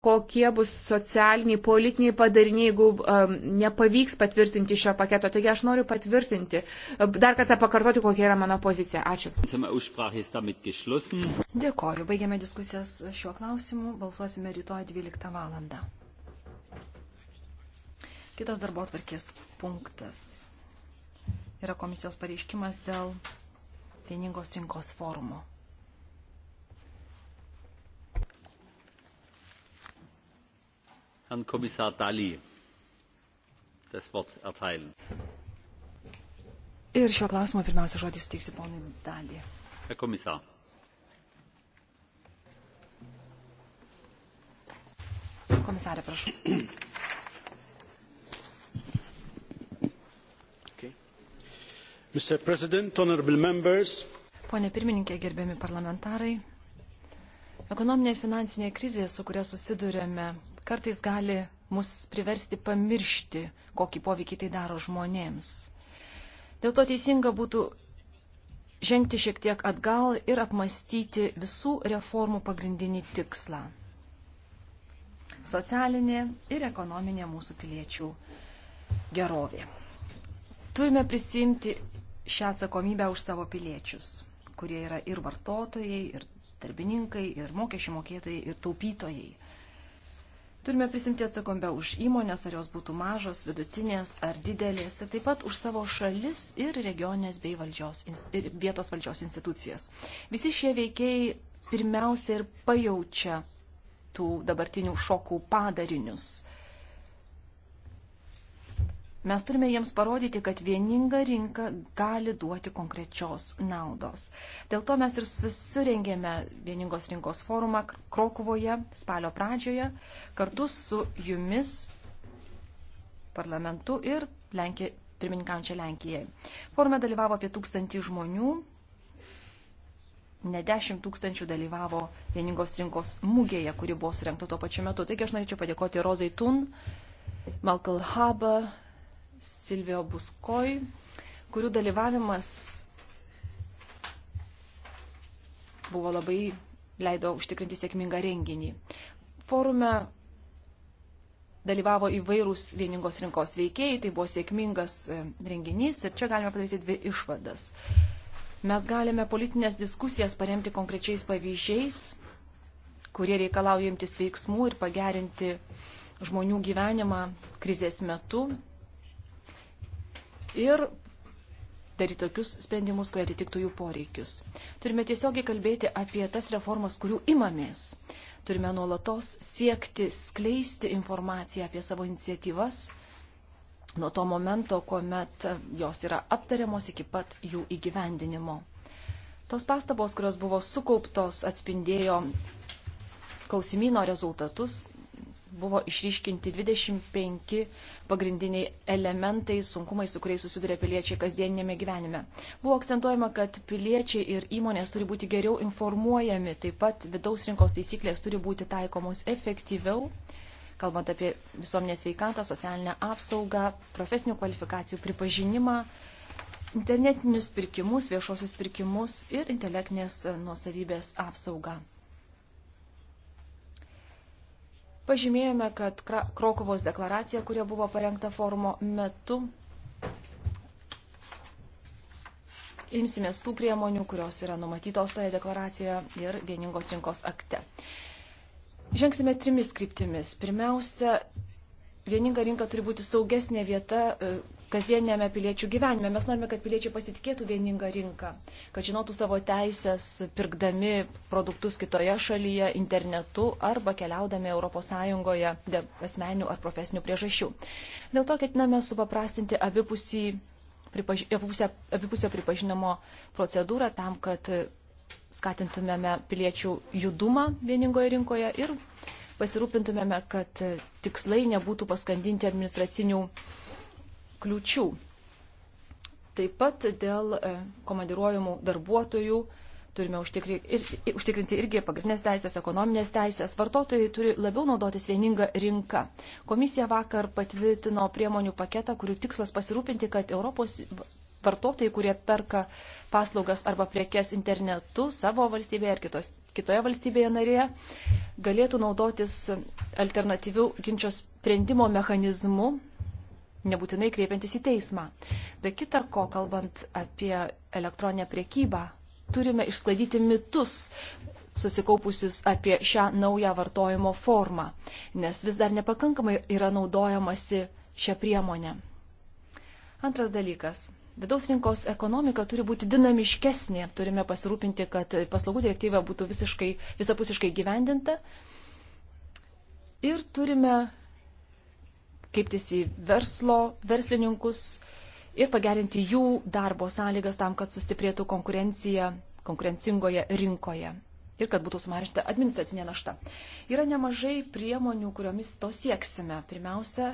kokie bus socialiniai, politiniai padariniai, jeigu um, nepavyks patvirtinti šio paketo. Taigi aš noriu patvirtinti, um, dar kartą pakartoti, kokia yra mano pozicija. Ačiū. Dėkoju. Baigiame diskusijas šiuo klausimu. Balsuosime rytoj 12 val. Kitas darbo atvarkės punktas yra komisijos pareiškimas dėl vieningos rinkos forumo. herrn kommissar dalli das wort erteilen. ir šiuo klausimu pirmiausia žodį suteiksiu ponui dalli. herr kommissar! komisare prašau. Okay. Mr. President, honorable members. Pone pirmininkė, gerbiami parlamentarai, ekonominė ir finansinė krizė, su kuria susidurėme kartais gali mus priversti pamiršti, kokį poveikį tai daro žmonėms. Dėl to teisinga būtų žengti šiek tiek atgal ir apmastyti visų reformų pagrindinį tikslą - socialinė ir ekonominė mūsų piliečių gerovė. Turime prisimti šią atsakomybę už savo piliečius, kurie yra ir vartotojai, ir darbininkai, ir mokesčių mokėtojai, ir taupytojai. Turime prisimti atsakomybę už įmonės, ar jos būtų mažos, vidutinės ar didelės, ir tai taip pat už savo šalis ir regionės bei valdžios, ir vietos valdžios institucijas. Visi šie veikiai pirmiausia ir pajaučia tų dabartinių šokų padarinius Mes turime jiems parodyti, kad vieninga rinka gali duoti konkrečios naudos. Dėl to mes ir susirengėme vieningos rinkos forumą Krokuvoje spalio pradžioje kartu su jumis parlamentu ir Lenkija, pirmininkaujančia Lenkijai. Forume dalyvavo apie tūkstantį žmonių, ne 10 tūkstančių dalyvavo vieningos rinkos mūgėje, kuri buvo surinkta tuo pačiu metu. Taigi aš norėčiau padėkoti Rozai Tun, Malcolm Haber, Silvio Buskoj, kurių dalyvavimas buvo labai leido užtikrinti sėkmingą renginį. Forume dalyvavo įvairūs vieningos rinkos veikėjai, tai buvo sėkmingas e, renginys ir čia galime padaryti dvi išvadas. Mes galime politinės diskusijas paremti konkrečiais pavyzdžiais, kurie reikalauja imtis veiksmų ir pagerinti žmonių gyvenimą krizės metu ir daryti tokius sprendimus, kurie atitiktų jų poreikius. Turime tiesiogiai kalbėti apie tas reformas, kurių imamės. Turime nuolatos siekti skleisti informaciją apie savo iniciatyvas nuo to momento, kuomet jos yra aptariamos iki pat jų įgyvendinimo. Tos pastabos, kurios buvo sukauptos, atspindėjo klausimino rezultatus buvo išryškinti 25 pagrindiniai elementai, sunkumai, su kuriais susiduria piliečiai kasdieninėme gyvenime. Buvo akcentuojama, kad piliečiai ir įmonės turi būti geriau informuojami, taip pat vidaus rinkos taisyklės turi būti taikomos efektyviau, kalbant apie visuomenės veikatą, socialinę apsaugą, profesinių kvalifikacijų pripažinimą internetinius pirkimus, viešosius pirkimus ir intelektinės nuosavybės apsaugą. Pažymėjome, kad Krokovos deklaracija, kurie buvo parengta forumo metu, imsimės tų priemonių, kurios yra numatytos toje deklaracijoje ir vieningos rinkos akte. Žengsime trimis kryptimis. Pirmiausia, vieninga rinka turi būti saugesnė vieta e, kasdienėme piliečių gyvenime. Mes norime, kad piliečiai pasitikėtų vieningą rinką, kad žinotų savo teisės, pirkdami produktus kitoje šalyje, internetu arba keliaudami ES dėl asmenių ar profesinių priežasčių. Dėl to ketiname supaprastinti abipusį pripaž... abipusio, abipusio pripažinimo procedūrą tam, kad skatintumėme piliečių judumą vieningoje rinkoje ir pasirūpintumėme, kad tikslai nebūtų paskandinti administracinių kliūčių. Taip pat dėl e, komandiruojamų darbuotojų turime užtikrinti, ir, užtikrinti irgi pagrindinės teisės, ekonominės teisės. Vartotojai turi labiau naudotis vieninga rinka. Komisija vakar patvirtino priemonių paketą, kurių tikslas pasirūpinti, kad Europos vartotojai, kurie perka paslaugas arba priekes internetu savo valstybėje ar kitos, kitoje valstybėje narėje, galėtų naudotis alternatyvių ginčio sprendimo mechanizmu nebūtinai kreipiantis į teismą. Be kita ko, kalbant apie elektroninę priekybą, turime išsklaidyti mitus susikaupusius apie šią naują vartojimo formą, nes vis dar nepakankamai yra naudojamasi šią priemonę. Antras dalykas. Vidaus rinkos ekonomika turi būti dinamiškesnė. Turime pasirūpinti, kad paslaugų direktyva būtų visiškai, visapusiškai gyvendinta. Ir turime kreiptis į verslo, verslininkus ir pagerinti jų darbo sąlygas tam, kad sustiprėtų konkurencija konkurencingoje rinkoje ir kad būtų sumažinta administracinė našta. Yra nemažai priemonių, kuriomis to sieksime. Pirmiausia,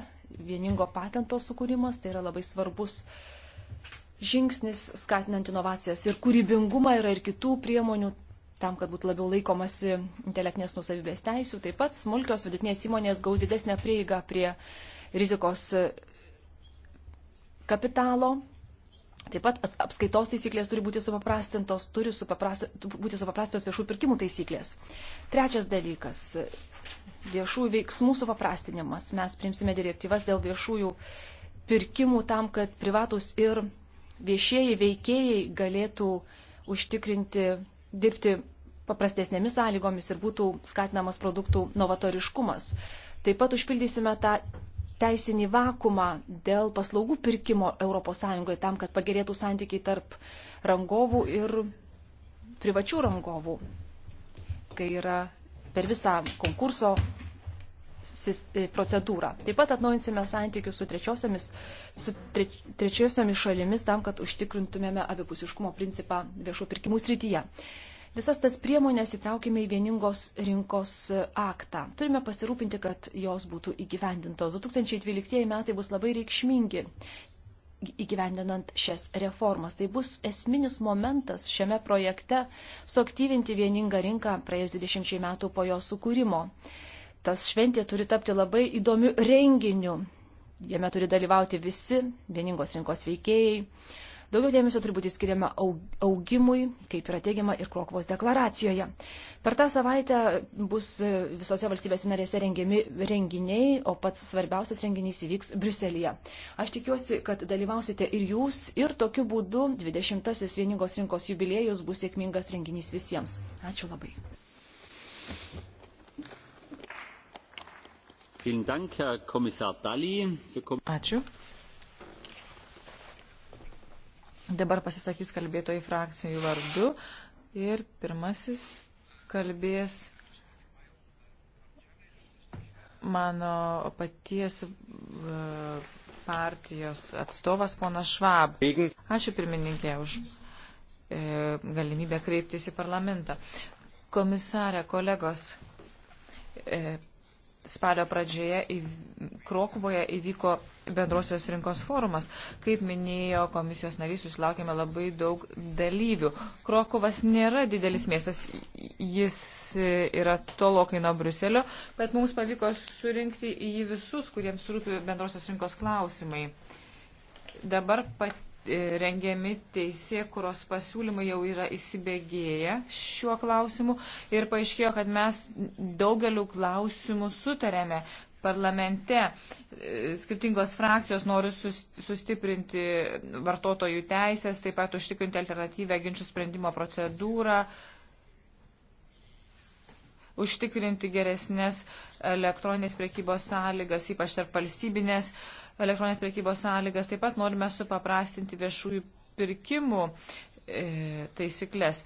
vieningo patento sukūrimas, tai yra labai svarbus žingsnis skatinant inovacijas ir kūrybingumą yra ir kitų priemonių tam, kad būtų labiau laikomasi intelektinės nusavybės teisų. Taip pat smulkios vidutinės įmonės gaus didesnę prieigą prie rizikos kapitalo. Taip pat apskaitos taisyklės turi būti supaprastintos, turi supaprast, būti supaprastintos viešų pirkimų taisyklės. Trečias dalykas - viešų veiksmų supaprastinimas. Mes priimsime direktyvas dėl viešųjų pirkimų tam, kad privatus ir viešieji veikėjai galėtų užtikrinti, dirbti paprastesnėmis sąlygomis ir būtų skatinamas produktų novatoriškumas. Taip pat užpildysime tą teisinį vakumą dėl paslaugų pirkimo ES tam, kad pagerėtų santykiai tarp rangovų ir privačių rangovų, kai yra per visą konkurso e, procedūrą. Taip pat atnaujinsime santykius su trečiosiomis, su treč, trečiosiomis šalimis tam, kad užtikrintumėme abipusiškumo principą viešų pirkimų srityje. Visas tas priemonės įtraukime į vieningos rinkos aktą. Turime pasirūpinti, kad jos būtų įgyvendintos. 2012 metai bus labai reikšmingi įgyvendinant šias reformas. Tai bus esminis momentas šiame projekte suaktyvinti vieningą rinką praėjus 20 metų po jo sukūrimo. Tas šventė turi tapti labai įdomiu renginiu. Jame turi dalyvauti visi vieningos rinkos veikėjai Daugiau dėmesio turi būti skiriama augimui, kaip yra teigiama ir Krokvos deklaracijoje. Per tą savaitę bus e, visose valstybėse narėse rengiami renginiai, o pats svarbiausias renginys įvyks Briuselėje. Aš tikiuosi, kad dalyvausite ir jūs, ir tokiu būdu 20-asis vieningos rinkos jubiliejus bus sėkmingas renginys visiems. Ačiū labai. Ačiū Dabar pasisakys kalbėtojai frakcijų vardu ir pirmasis kalbės mano paties partijos atstovas ponas Švab. Ačiū pirmininkė už e, galimybę kreiptis į parlamentą. Komisarė, kolegos, e, spalio pradžioje į Krokuvoje įvyko bendrosios rinkos forumas. Kaip minėjo komisijos narys, susilaukėme labai daug dalyvių. Krokuvas nėra didelis miestas, jis yra tolokai nuo Bruselio, bet mums pavyko surinkti į jį visus, kuriems rūpi bendrosios rinkos klausimai. Dabar pat E, rengiami teisėkuros pasiūlymai jau yra įsibėgėję šiuo klausimu ir paaiškėjo, kad mes daugeliu klausimų sutarėme parlamente. E, skirtingos frakcijos nori sustiprinti vartotojų teisės, taip pat užtikrinti alternatyvę ginčių sprendimo procedūrą, užtikrinti geresnės elektroninės priekybos sąlygas, ypač tarp valstybinės. Uh, elektroninės prekybos sąlygas. Taip pat norime supaprastinti viešųjų pirkimų e, taisyklės.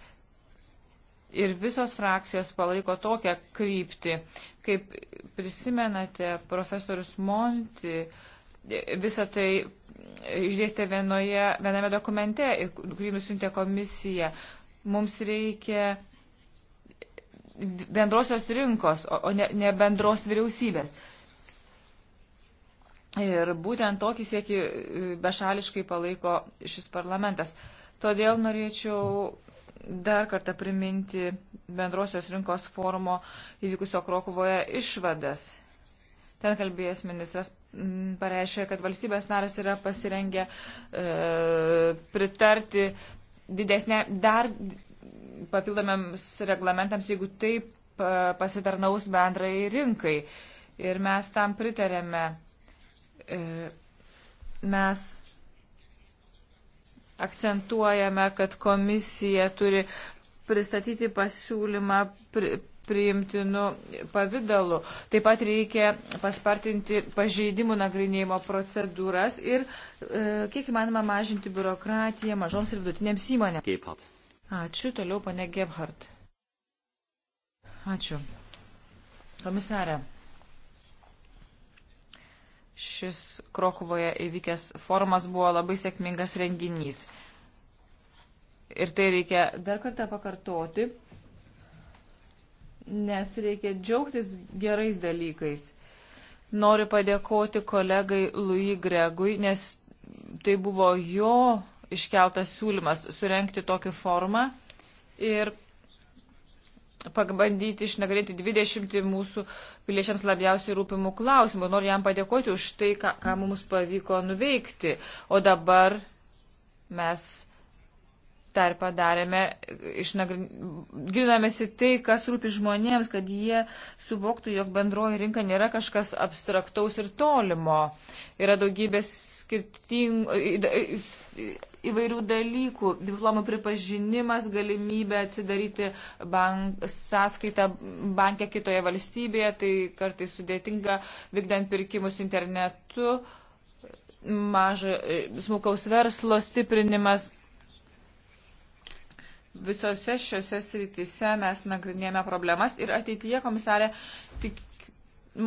Ir visos frakcijos palaiko tokią kryptį. Kaip prisimenate, profesorius Monti e, visą tai išdėstė vienoje, viename dokumente, kurį nusintė komisija. Mums reikia bendrosios rinkos, o ne, ne bendros vyriausybės. Ir būtent tokį siekį e, bešališkai palaiko šis parlamentas. Todėl norėčiau dar kartą priminti bendrosios rinkos forumo įvykusio Krokuvoje išvadas. Ten kalbėjęs ministras mm, pareiškė, kad valstybės naras yra pasirengę e, pritarti didesnė, dar papildomiams reglamentams, jeigu taip e, pasitarnaus bendrai rinkai. Ir mes tam pritarėme E, mes akcentuojame, kad komisija turi pristatyti pasiūlymą pri, priimtinu pavydalu. Taip pat reikia paspartinti pažeidimų nagrinėjimo procedūras ir e, kiek įmanoma mažinti biurokratiją mažoms ir vidutinėms įmonėms. Gebhardt. Ačiū, toliau pane Gebhardt. Ačiū. Komisarė. Šis Krokuvoje įvykęs formas buvo labai sėkmingas renginys. Ir tai reikia dar kartą pakartoti, nes reikia džiaugtis gerais dalykais. Noriu padėkoti kolegai Lui Gregui, nes tai buvo jo iškeltas siūlymas surenkti tokį formą ir pabandyti išnagrėti 20 mūsų piliečiams labiausiai rūpimų klausimų. Noriu jam padėkoti už tai, ką, ką mums pavyko nuveikti. O dabar mes dar padarėme, gilinamės į tai, kas rūpi žmonėms, kad jie suvoktų, jog bendroji rinka nėra kažkas abstraktaus ir tolimo. Yra daugybės skirtingų, įvairių dalykų. Diplomų pripažinimas, galimybė atsidaryti bank, sąskaitą bankę kitoje valstybėje, tai kartais sudėtinga vykdant pirkimus internetu mažo e, smulkaus verslo stiprinimas visose šiuose srityse mes nagrinėjame problemas ir ateityje, komisarė, tik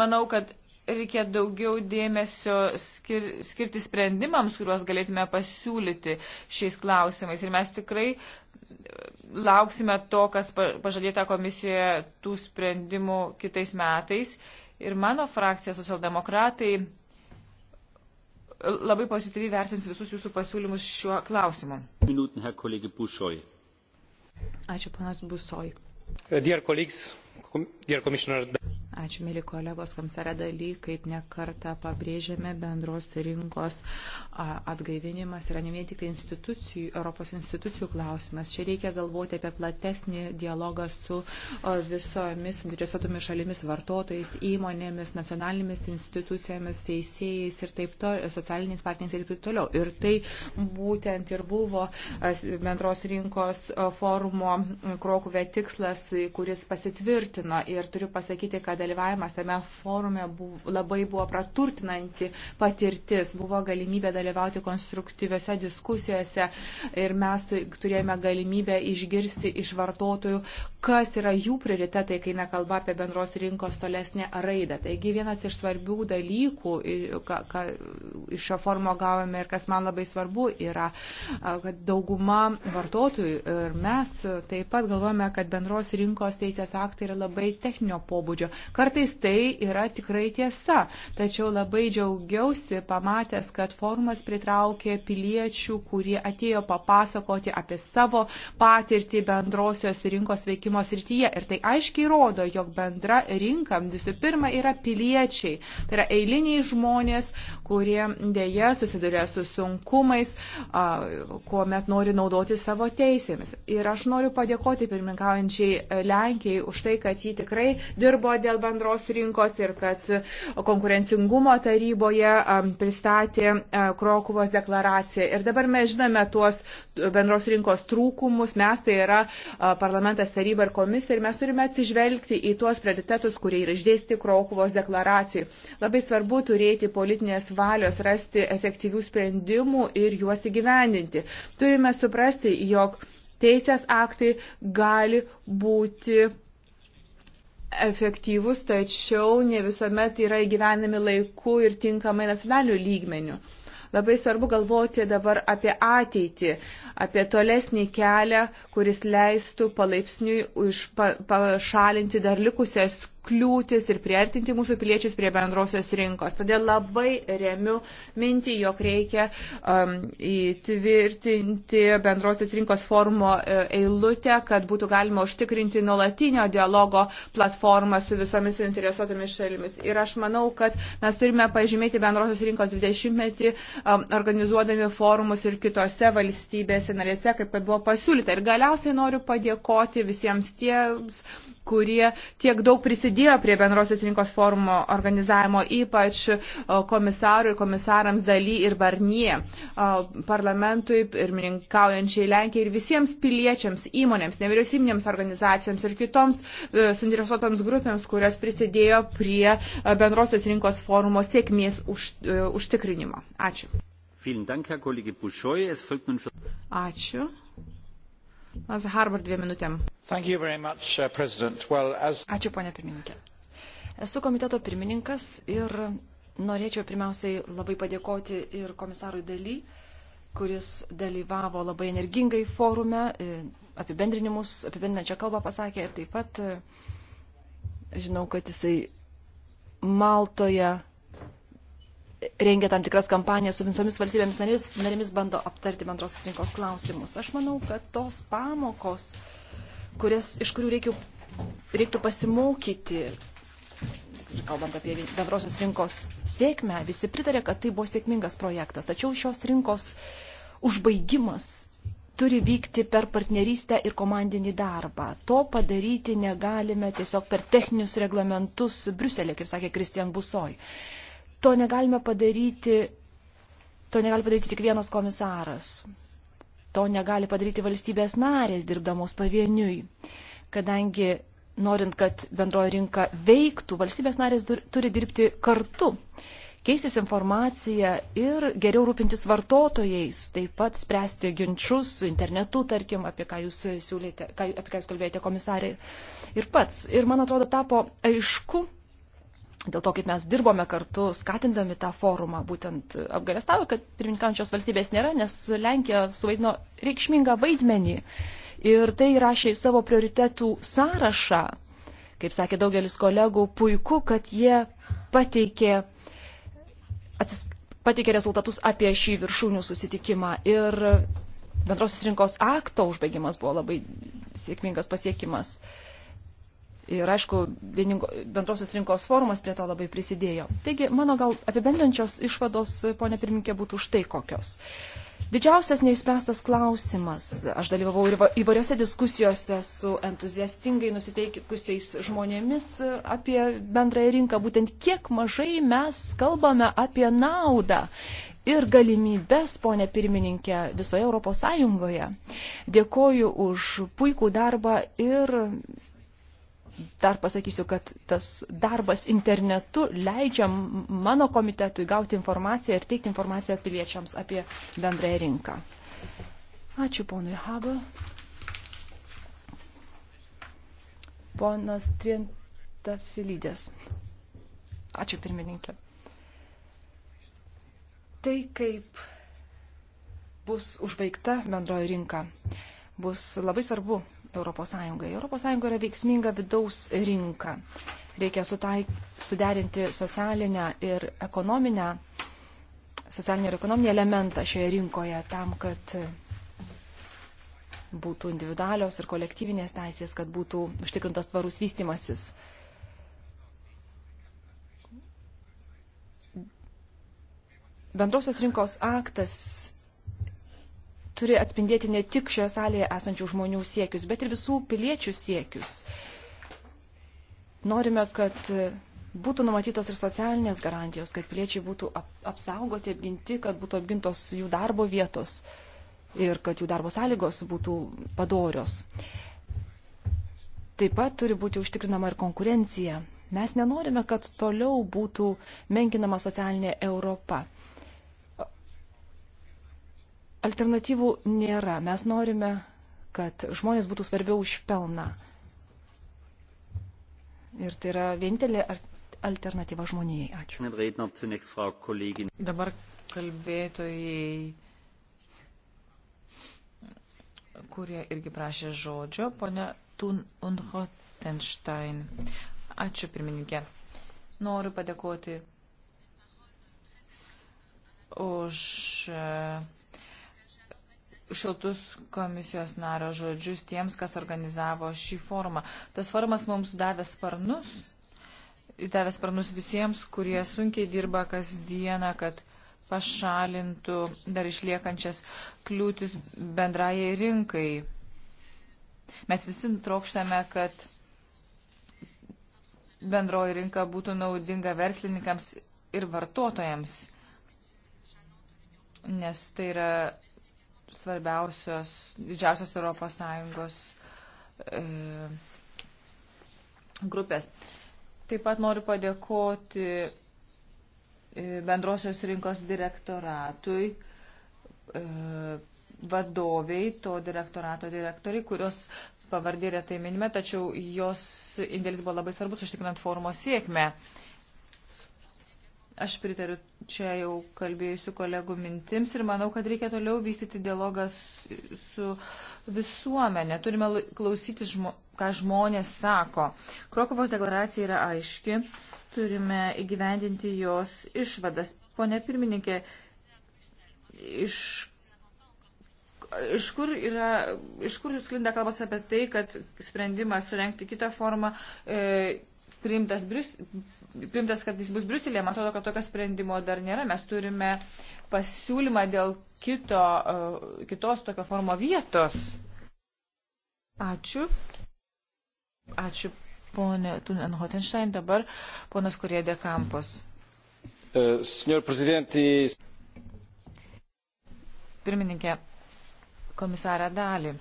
manau, kad reikia daugiau dėmesio skir skirti sprendimams, kuriuos galėtume pasiūlyti šiais klausimais. Ir mes tikrai lauksime to, kas pažadėta komisijoje tų sprendimų kitais metais. Ir mano frakcija, socialdemokratai, labai pozityviai vertins visus jūsų pasiūlymus šiuo klausimu. Minuten, Ačiū, panas Busoj. Dear colleagues, dear commissioner. Ačiū, mėly kolegos, komisarė daly, kaip nekarta pabrėžėme, bendros rinkos atgaivinimas yra ne vien tik tai institucijų, Europos institucijų klausimas. Čia reikia galvoti apie platesnį dialogą su visomis interesuotomis šalimis, vartotojais, įmonėmis, nacionalinėmis institucijomis, teisėjais ir taip toliau, socialiniais partneriais ir taip toliau. Ir tai būtent ir buvo bendros rinkos forumo Krokuvė tikslas, kuris pasitvirtino. Ir turiu pasakyti, kad dalyvavimas tame forume buvo, labai buvo praturtinanti patirtis, buvo galimybė dalyvauti konstruktyviose diskusijose ir mes turėjome galimybę išgirsti iš vartotojų, kas yra jų prioritetai, kai nekalba apie bendros rinkos tolesnę raidą. Taigi vienas iš svarbių dalykų, ką, ką iš šio forumo gavome ir kas man labai svarbu, yra, kad dauguma vartotojų ir mes taip pat galvojame, kad bendros rinkos teisės aktai yra labai techninio pobūdžio, Kartais tai yra tikrai tiesa, tačiau labai džiaugiausi pamatęs, kad forumas pritraukė piliečių, kurie atėjo papasakoti apie savo patirtį bendrosios rinkos veikimo srityje. Ir tai aiškiai rodo, jog bendra rinka visų pirma yra piliečiai. Tai yra eiliniai žmonės, kurie dėja susiduria su sunkumais, kuomet nori naudoti savo teisėmis. Ir aš noriu padėkoti pirmininkaujančiai Lenkijai už tai, kad ji tikrai dirbo dėl bendros rinkos ir kad konkurencingumo taryboje pristatė Krokuvos deklaraciją. Ir dabar mes žinome tuos bendros rinkos trūkumus, mes tai yra parlamentas, taryba ir komisija ir mes turime atsižvelgti į tuos prioritetus, kurie yra išdėsti Krokuvos deklaracijai. Labai svarbu turėti politinės valios, rasti efektyvių sprendimų ir juos įgyvendinti. Turime suprasti, jog teisės aktai gali būti efektyvus, tačiau ne visuomet yra įgyvenami laiku ir tinkamai nacionaliniu lygmeniu. Labai svarbu galvoti dabar apie ateitį, apie tolesnį kelią, kuris leistų palaipsniui pašalinti dar likusias kliūtis ir priartinti mūsų piliečius prie bendrosios rinkos. Todėl labai remiu mintį, jog reikia um, įtvirtinti bendrosios rinkos formo e, eilutę, kad būtų galima užtikrinti nuolatinio dialogo platformą su visomis suinteresuotomis šalimis. Ir aš manau, kad mes turime pažymėti bendrosios rinkos 20-metį, um, organizuodami forumus ir kitose valstybėse narėse, kaip buvo pasiūlyta. Ir galiausiai noriu padėkoti visiems tiems kurie tiek daug prisidėjo prie bendrosios rinkos forumo organizavimo, ypač e, komisarui ir komisarams daly ir varnie, e, parlamentui, pirmininkaujančiai Lenkijai ir visiems piliečiams, įmonėms, nevyriausybinėms organizacijoms ir kitoms e, suinteresuotams grupėms, kurios prisidėjo prie bendrosios rinkos forumo sėkmės už, užtikrinimo. Ačiū. Ačiū. Mas Harvard dviem minutėm. Much, uh, well, as... Ačiū, ponė pirmininkė. Esu komiteto pirmininkas ir norėčiau pirmiausiai labai padėkoti ir komisarui daly, kuris dalyvavo labai energingai forume, e, apibendrinimus, apibendrinančią kalbą pasakė ir taip pat e, žinau, kad jisai Maltoje rengia tam tikras kampanijas su visomis valstybėmis narėmis, narėmis bando aptarti bendros rinkos klausimus. Aš manau, kad tos pamokos, kurias, iš kurių reikiu, reiktų pasimokyti, kalbant apie bendrosios rinkos sėkmę, visi pritarė, kad tai buvo sėkmingas projektas. Tačiau šios rinkos užbaigimas turi vykti per partnerystę ir komandinį darbą. To padaryti negalime tiesiog per techninius reglamentus Briuselė, kaip sakė Kristian Busoj. To negalime padaryti, to negali padaryti tik vienas komisaras. To negali padaryti valstybės narės dirbdamos pavieniui, kadangi norint, kad bendroji rinka veiktų, valstybės narės turi dirbti kartu, keistis informaciją ir geriau rūpintis vartotojais, taip pat spręsti ginčius internetu, tarkim, apie ką jūs siūlėte, ką, apie ką jūs kalbėjote komisarė ir pats. Ir man atrodo, tapo aišku, dėl to, kaip mes dirbome kartu, skatindami tą forumą, būtent apgalėstavo, kad pirmininkančios valstybės nėra, nes Lenkija suvaidino reikšmingą vaidmenį ir tai rašė į savo prioritetų sąrašą. Kaip sakė daugelis kolegų, puiku, kad jie pateikė, atsis, pateikė rezultatus apie šį viršūnių susitikimą. Ir bendrosios rinkos akto užbaigimas buvo labai sėkmingas pasiekimas. Uh, Ir aišku, vieningo, bendrosios rinkos forumas prie to labai prisidėjo. Taigi, mano gal apibendrančios išvados, ponė pirminkė, būtų štai kokios. Didžiausias neišspręstas klausimas. Aš dalyvavau ir įvairiose diskusijose su entuziastingai nusiteikusiais žmonėmis apie bendrąją rinką, būtent kiek mažai mes kalbame apie naudą ir galimybes, ponė pirmininkė, visoje Europos Sąjungoje. Dėkoju už puikų darbą ir dar pasakysiu, kad tas darbas internetu leidžia mano komitetui gauti informaciją ir teikti informaciją piliečiams apie bendrąją rinką. Ačiū ponui Habo. Ponas Trientafilydės. Ačiū pirmininkė. Tai kaip bus užbaigta bendroji rinka, bus labai svarbu ES. ES yra veiksminga vidaus rinka. Reikia sutaik, suderinti socialinę ir ekonominę, socialinį ir ekonominį elementą šioje rinkoje tam, kad būtų individualios ir kolektyvinės teisės, kad būtų užtikrintas tvarus vystimasis. Bendrosios rinkos aktas turi atspindėti ne tik šioje salėje esančių žmonių siekius, bet ir visų piliečių siekius. Norime, kad būtų numatytos ir socialinės garantijos, kad piliečiai būtų ap apsaugoti, apginti, kad būtų apgintos jų darbo vietos ir kad jų darbo sąlygos būtų padorios. Taip pat turi būti užtikrinama ir konkurencija. Mes nenorime, kad toliau būtų menkinama socialinė Europa. Alternatyvų nėra. Mes norime, kad žmonės būtų svarbiau už pelną. Ir tai yra vienintelė alternatyva žmonijai. Ačiū. Dabar kalbėtojai, kurie irgi prašė žodžio, ponia Tun Unhotenstein. Ačiū, pirmininkė. Noriu padėkoti už. Uh, šiltus komisijos nario žodžius tiems, kas organizavo šį forumą. Tas forumas mums davė sparnus, jis davė sparnus visiems, kurie sunkiai dirba kasdieną, kad pašalintų dar išliekančias kliūtis bendrajai rinkai. Mes visi trokštame, kad bendroji rinka būtų naudinga verslininkams ir vartotojams, nes tai yra svarbiausios, didžiausios ES e, grupės. Taip pat noriu padėkoti e, bendrosios rinkos direktoratui, e, vadoviai, to direktorato direktoriai, kurios pavardė retai minime, tačiau jos indėlis buvo labai svarbus užtikrinant forumo sėkmę. E, Aš pritariu čia jau kalbėjusių kolegų mintims ir manau, kad reikia toliau vystyti dialogą su visuomenė. Turime klausytis, žmo, ką žmonės sako. Krokovos deklaracija yra aiški, turime įgyvendinti jos išvadas. Pone pirmininkė, iš iš kur, yra, iš kur jūs klinda kalbas apie tai, kad sprendimas surenkti kitą formą e, priimtas, Brius, priimtas kad jis bus Briuselėje, man atrodo, kad tokio sprendimo dar nėra. Mes turime pasiūlymą dėl kito, e, kitos tokio formo vietos. Ačiū. Ačiū, ponė Tunen Hotenstein. Dabar ponas Kurie de Campos. E, Pirmininkė, komisarė Dali.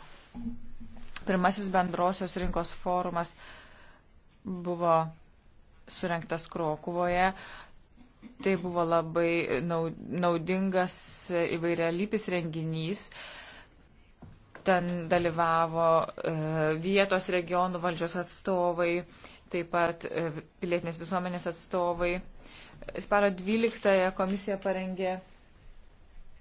Pirmasis bendrosios rinkos forumas uh, buvo surinktas Krokuvoje. Tai buvo labai naudingas įvairialypis renginys. Ten dalyvavo e, vietos regionų valdžios atstovai, taip pat e, pilietinės visuomenės atstovai. Spalio 12 komisija parengė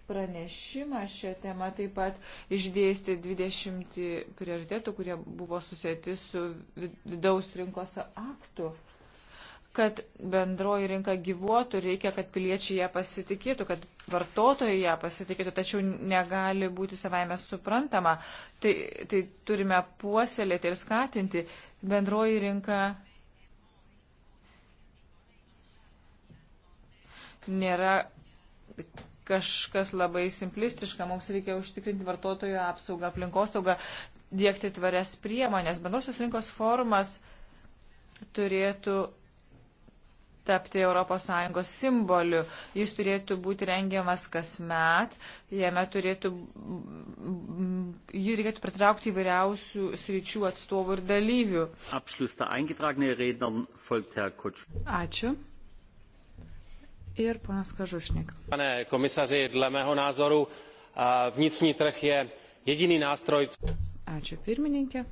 pranešimą šią temą taip pat išdėsti 20 prioritetų, kurie buvo susėti su vidaus rinkos aktu kad bendroji rinka gyvuotų, reikia, kad piliečiai ją pasitikėtų, kad vartotojai ją pasitikėtų, tačiau negali būti savaime suprantama. Tai, tai turime puoselėti ir skatinti. Bendroji rinka nėra kažkas labai simplistiška. Mums reikia užtikrinti vartotojų apsaugą, aplinkosaugą, dėkti tvarias priemonės. Bendrosios rinkos formas turėtų tapti ES simboliu. Jis turėtų būti rengiamas kasmet, jame turėtų, jį reikėtų pritraukti įvairiausių sričių atstovų ir dalyvių. Ačiū ir panas Kažušnik. Pane komisaři, dle mého názoru vnitřní trh je jediný nástroj. Ačiū pirmininkė.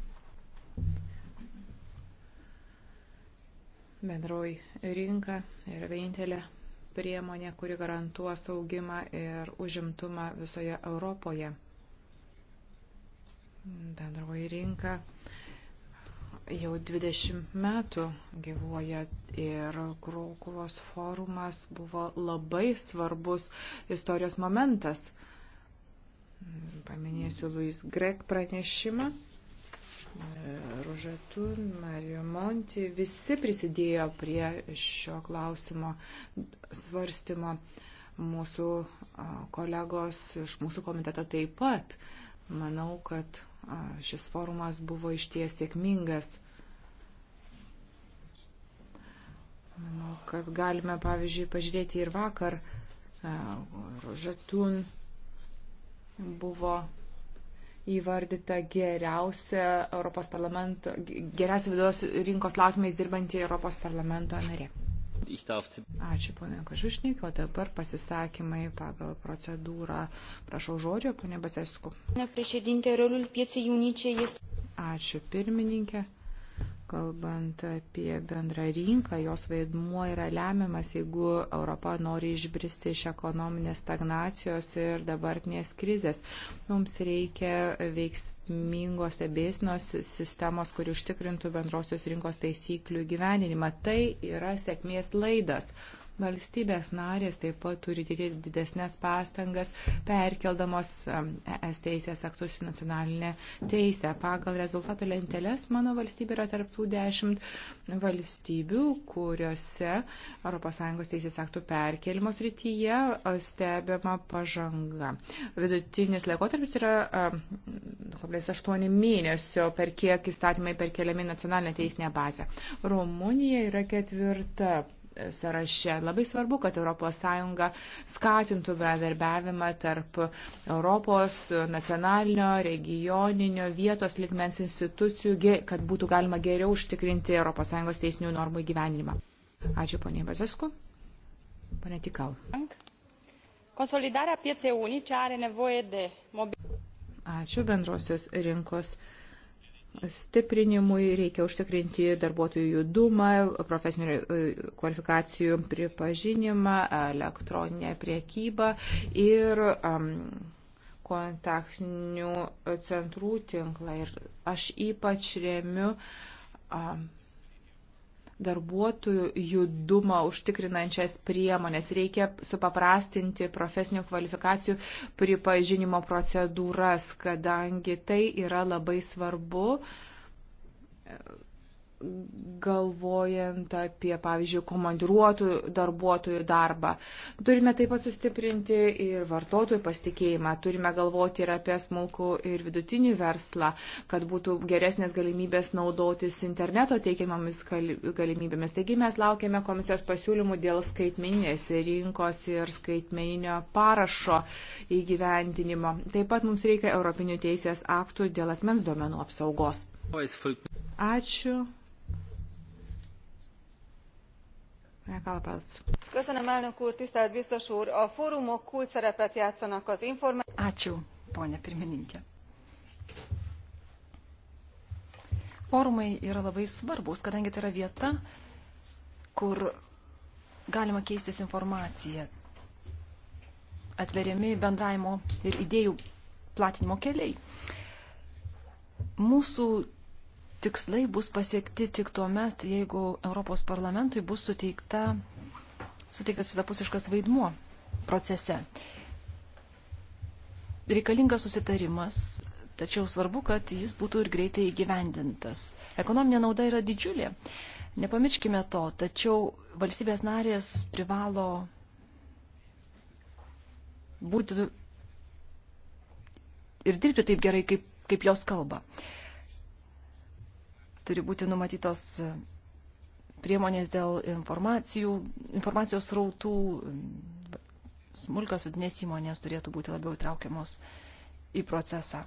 Bendroji rinka yra vienintelė priemonė, kuri garantuos augimą ir užimtumą visoje Europoje. Bendroji rinka uh, jau 20 metų gyvuoja ir Krokuvos forumas buvo labai svarbus istorijos momentas. Paminėsiu Luis Grek pranešimą. Ružetu, Mario Monti, visi prisidėjo prie šio klausimo svarstymo. Mūsų kolegos iš mūsų komiteto taip pat uh, Manau, kad šis forumas buvo išties sėkmingas. Manau, kad galime, pavyzdžiui, pažiūrėti ir vakar. Rožatun buvo įvardyta geriausia Europos parlamento, geriausia vidaus rinkos klausimais dirbantį Europos parlamento narė. Ačiū, ponė Kažišnik, o dabar pasisakymai pagal procedūrą. Prašau žodžio, ponė Basesku. Ačiū, pirmininkė kalbant apie bendrą rinką, jos vaidmuo yra lemiamas, jeigu Europa nori išbristi iš ekonominės stagnacijos ir dabartinės krizės. Mums reikia veiksmingos stebėsinos sistemos, kuri užtikrintų bendrosios rinkos taisyklių gyveninimą. Tai yra sėkmės laidas. Valstybės narės taip pat turi didesnės pastangas perkeldamos ES e teisės aktus į nacionalinę teisę. Pagal rezultatų lentelės mano valstybė yra tarptų dešimt valstybių, kuriuose ES teisės aktų perkelimos rytyje e, stebima pažanga. Vidutinis laikotarpis yra 8 mėnesio, per kiek įstatymai perkeliami nacionalinę teisinę bazę. Rumunija yra ketvirta sąraše. Labai svarbu, kad ES skatintų bendarbiavimą tarp Europos nacionalinio, regioninio, vietos ligmens institucijų, kad būtų galima geriau užtikrinti ES teisinių normų įgyvenimą. Ačiū, poniai Bazesku. Pane Tikau. Consolidarea pieței unice are nevoie de mobilitate. Ačiū bendrosios rinkos stiprinimui, reikia užtikrinti darbuotojų judumą, profesinių e, kvalifikacijų pripažinimą, elektroninę priekybą ir um, kontaktinių centrų tinklą. Ir aš ypač remiu um, darbuotojų judumą užtikrinančias priemonės. Reikia supaprastinti profesinių kvalifikacijų pripažinimo procedūras, kadangi tai yra labai svarbu galvojant apie, pavyzdžiui, komandiruotų darbuotojų darbą. Turime taip pat sustiprinti ir vartotojų pasitikėjimą, turime galvoti ir apie smulkų ir vidutinį verslą, kad būtų geresnės galimybės naudotis interneto teikiamomis galimybėmis. Taigi mes laukiame komisijos pasiūlymų dėl skaitmeninės rinkos ir skaitmeninio parašo įgyvendinimo. Taip pat mums reikia Europinių teisės aktų dėl asmens duomenų apsaugos. Ačiū. a fórumok kulcs szerepet játszanak az információ. Forumai yra labai svarbus, kadangi tai yra vieta, kur galima keistis informaciją. Atveriami bendraimo ir idėjų platinimo keliai. Mūsų tikslai bus pasiekti tik tuo met, jeigu Europos parlamentui bus suteikta, suteiktas visapusiškas vaidmuo procese. Reikalingas susitarimas, tačiau svarbu, kad jis būtų ir greitai įgyvendintas. Ekonominė nauda yra didžiulė. Nepamirškime to, tačiau valstybės narės privalo būti ir dirbti taip gerai, kaip, kaip jos kalba. Uh, turi būti numatytos priemonės dėl informacijos srautų, smulkios vidinės įmonės turėtų būti labiau įtraukiamos į procesą.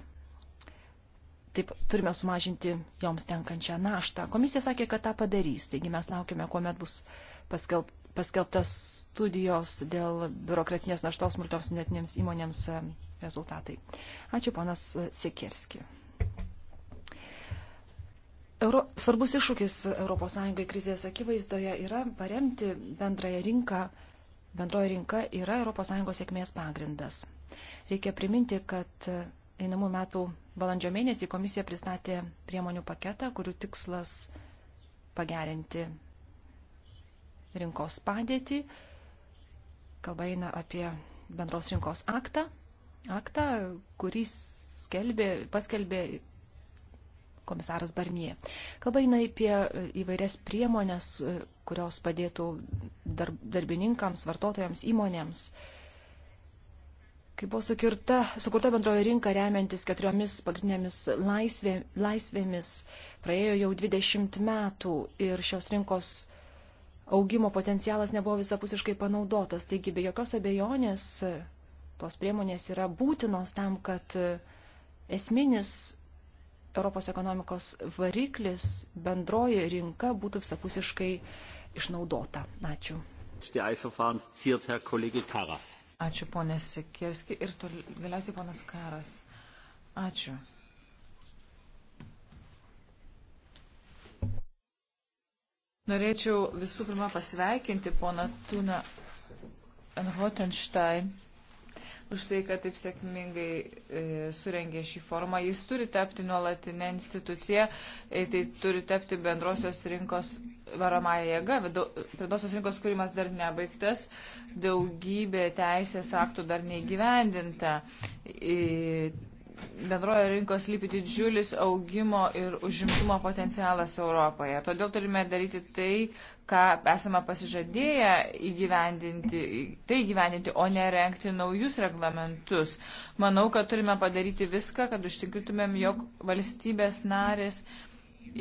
Taip turime sumažinti joms tenkančią naštą. Komisija sakė, kad tą padarys, taigi mes laukime, kuomet bus paskelb, paskelbtas studijos dėl biurokratinės naštos smulkioms netinėms įmonėms e, rezultatai. Ačiū, ponas e, Sikirski. Euro, svarbus iššūkis ES krizės akivaizdoje yra paremti bendrąją rinką. Bendroji rinka yra ES sėkmės pagrindas. Reikia priminti, kad einamų metų balandžio mėnesį komisija pristatė priemonių paketą, kurių tikslas pagerinti rinkos padėtį. Kalba eina apie bendros rinkos aktą, aktą kurį skelbė, paskelbė komisaras Barnie. Kalba eina apie e, įvairias priemonės, e, kurios padėtų darbininkams, vartotojams, įmonėms. Kai buvo sukirta, sukurta bendrojo rinka remiantis keturiomis pagrindinėmis laisvė, laisvėmis, praėjo jau 20 metų ir šios rinkos augimo potencialas nebuvo visapusiškai panaudotas. Taigi be jokios abejonės e, tos priemonės yra būtinos tam, kad esminis Europos ekonomikos variklis, bendroji rinka būtų visapusiškai išnaudota. Ačiū. Ačiū, ponė Sikirski. Ir toli, galiausiai ponas Karas. Ačiū. Norėčiau visų pirma pasveikinti poną Tuną Enhotenstein už tai, kad taip sėkmingai e, surengė šį formą. Jis turi tapti nuolatinę instituciją, e, tai turi tapti bendrosios rinkos varomąją jėgą. Bendrosios rinkos kūrimas dar nebaigtas, daugybė teisės aktų dar neįgyvendinta. E, bendrojo rinkos lypi didžiulis augimo ir užimtumo potencialas Europoje. Todėl turime daryti tai, ką esame pasižadėję įgyvendinti, tai įgyvendinti, o ne renkti naujus reglamentus. Manau, kad turime padaryti viską, kad užtikrintumėm, jog valstybės narės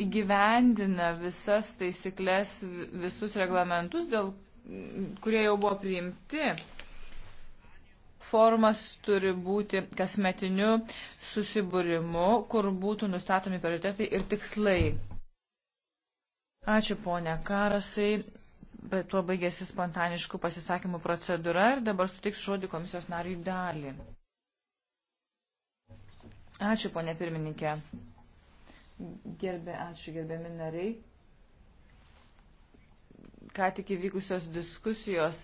įgyvendina visas taisyklės, visus reglamentus, dėl, kurie jau buvo priimti Forumas turi būti kasmetiniu susibūrimu, kur būtų nustatomi prioritetai ir tikslai. Ačiū ponia Karasai, bet tuo baigėsi spontaniškų pasisakymų procedūra ir dabar sutiks žodį komisijos nariui dalį. Ačiū ponia pirmininkė. Gerbė, ačiū gerbiami nariai. Ką tik įvykusios diskusijos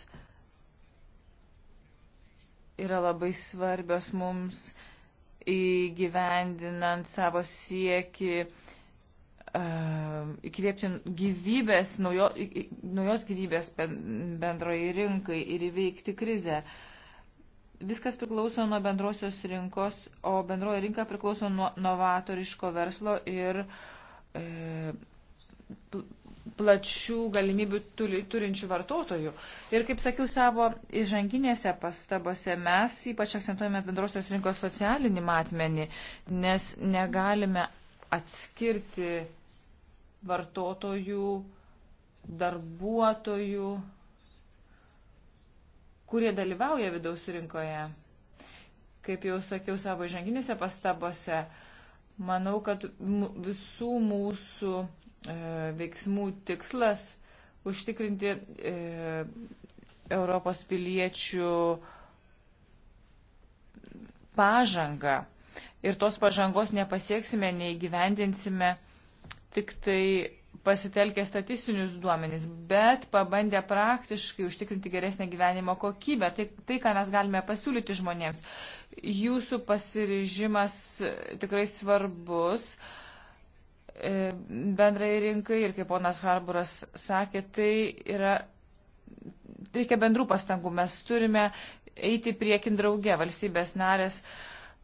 yra labai svarbios mums įgyvendinant savo sieki e, įkvėpti gyvybės, naujo, naujos gyvybės bendroji rinkai ir įveikti krizę. Viskas priklauso nuo bendrosios rinkos, o bendroji rinka priklauso nuo novatoriško verslo ir e, plačių galimybių turinčių vartotojų. Ir kaip sakiau savo įžanginėse pastabose, mes ypač akcentuojame bendrosios rinkos socialinį matmenį, nes negalime atskirti vartotojų, darbuotojų, kurie dalyvauja vidaus rinkoje. Kaip jau sakiau savo įžanginėse pastabose, manau, kad visų mūsų E, veiksmų tikslas užtikrinti e, Europos piliečių pažangą. Ir tos pažangos nepasieksime, neįgyvendinsime tik tai pasitelkę statistinius duomenys, bet pabandę praktiškai užtikrinti geresnę gyvenimo kokybę. Tai, tai, ką mes galime pasiūlyti žmonėms. Jūsų pasirižimas tikrai svarbus. E, E, bendrai rinkai ir kaip ponas Harburas sakė, tai yra, reikia bendrų pastangų. Mes turime eiti priekin drauge, valstybės narės,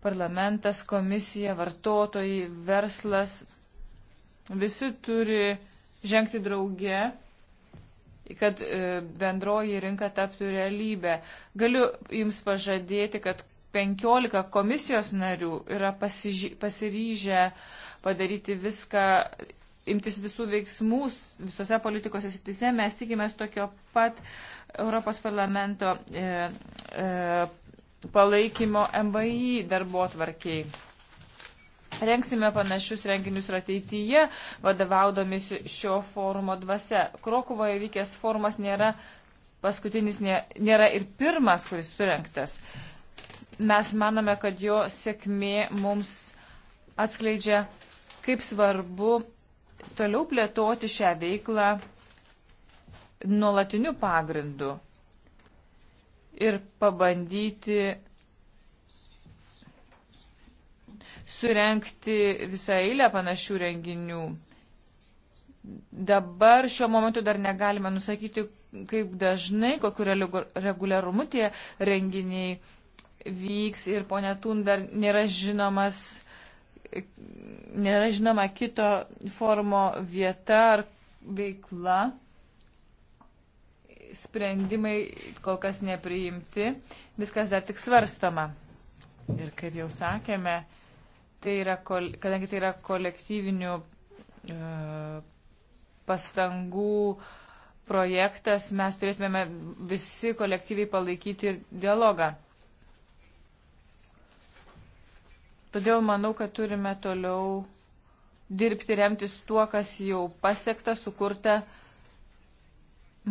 parlamentas, komisija, vartotojai, verslas. Visi turi žengti drauge, kad e, bendroji rinka taptų realybę. Galiu Jums pažadėti, kad 15 komisijos narių yra pasiži, pasiryžę padaryti viską, imtis visų veiksmų visose politikos esitise. Mes tikimės tokio pat Europos parlamento e, e, palaikymo MVI darbo tvarkiai. Renksime panašius renginius ir ateityje, vadovaudomis šio forumo dvasia. Krokuvoje vykęs forumas nėra paskutinis, nėra ir pirmas, kuris surinktas. E, Mes manome, kad jo sėkmė mums atskleidžia, kaip svarbu toliau plėtoti šią veiklą nuolatiniu pagrindu ir pabandyti surenkti visą eilę panašių renginių. Dabar šiuo momentu dar negalime nusakyti, kaip dažnai, kokiu reguliarumu tie renginiai vyks ir ponia Tun dar nėra žinomas, nėra žinoma kito forumo vieta ar veikla. Sprendimai kol kas nepriimti, viskas dar tik svarstama. Ir kaip jau sakėme, tai yra, kadangi tai yra kolektyvinių e, pastangų projektas, mes turėtume visi kolektyviai palaikyti dialogą. Todėl manau, kad turime toliau dirbti remtis tuo, kas jau pasiekta, sukurta.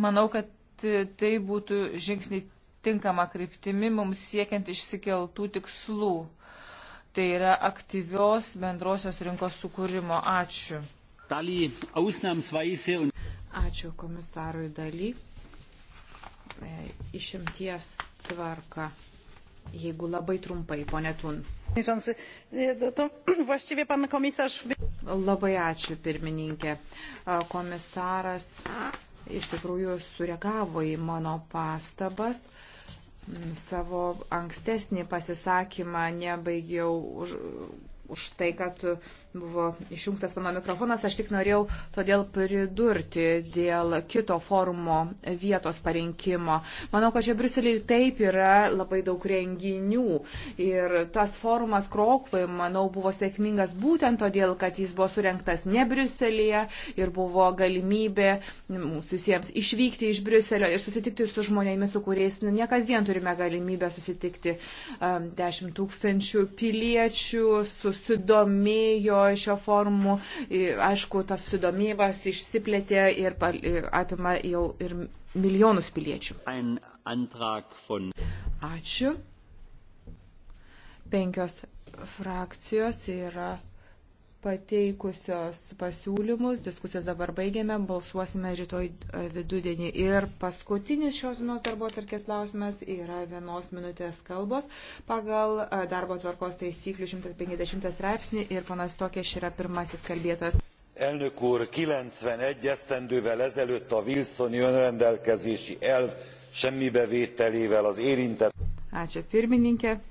Manau, kad tai būtų žingsniai tinkama kryptimi mums siekiant išsikeltų tikslų. Tai yra aktyvios bendrosios rinkos sukūrimo. Ačiū. Ačiū komisarui daly. E, išimties tvarka. Jeigu labai trumpai, ponė Tun. E, Labai ačiū, pirmininkė. Komisaras iš tikrųjų sureagavo į mano pastabas. Mm, savo ankstesnį pasisakymą nebaigiau už, už tai, kad buvo išjungtas mano mikrofonas, aš tik norėjau todėl pridurti dėl kito forumo vietos parinkimo. Manau, kad čia Briuseliai taip yra labai daug renginių ir tas forumas Krokvai, manau, buvo sėkmingas būtent todėl, kad jis buvo surinktas ne Briuselėje ir buvo galimybė mums visiems išvykti iš Briuselio ir susitikti su žmonėmis, su kuriais ne kasdien turime galimybę susitikti. Um, 10 tūkstančių piliečių susidomėjo šio formų. Aišku, tas sudomybas išsiplėtė ir apima jau ir milijonus piliečių. Ačiū. Penkios frakcijos yra pateikusios pasiūlymus. Diskusijas dabar baigėme, balsuosime rytoj e, vidudienį. Ir paskutinis šios dienos darbo atvarkės klausimas yra vienos minutės kalbos pagal e, darbo tvarkos taisyklių 150 straipsnį ir panas Tokėš yra pirmasis kalbėtas. Elnök úr, 91 esztendővel ezelőtt a Wilsoni önrendelkezési elv semmibevételével az érintett. Ačiū pirmininkė.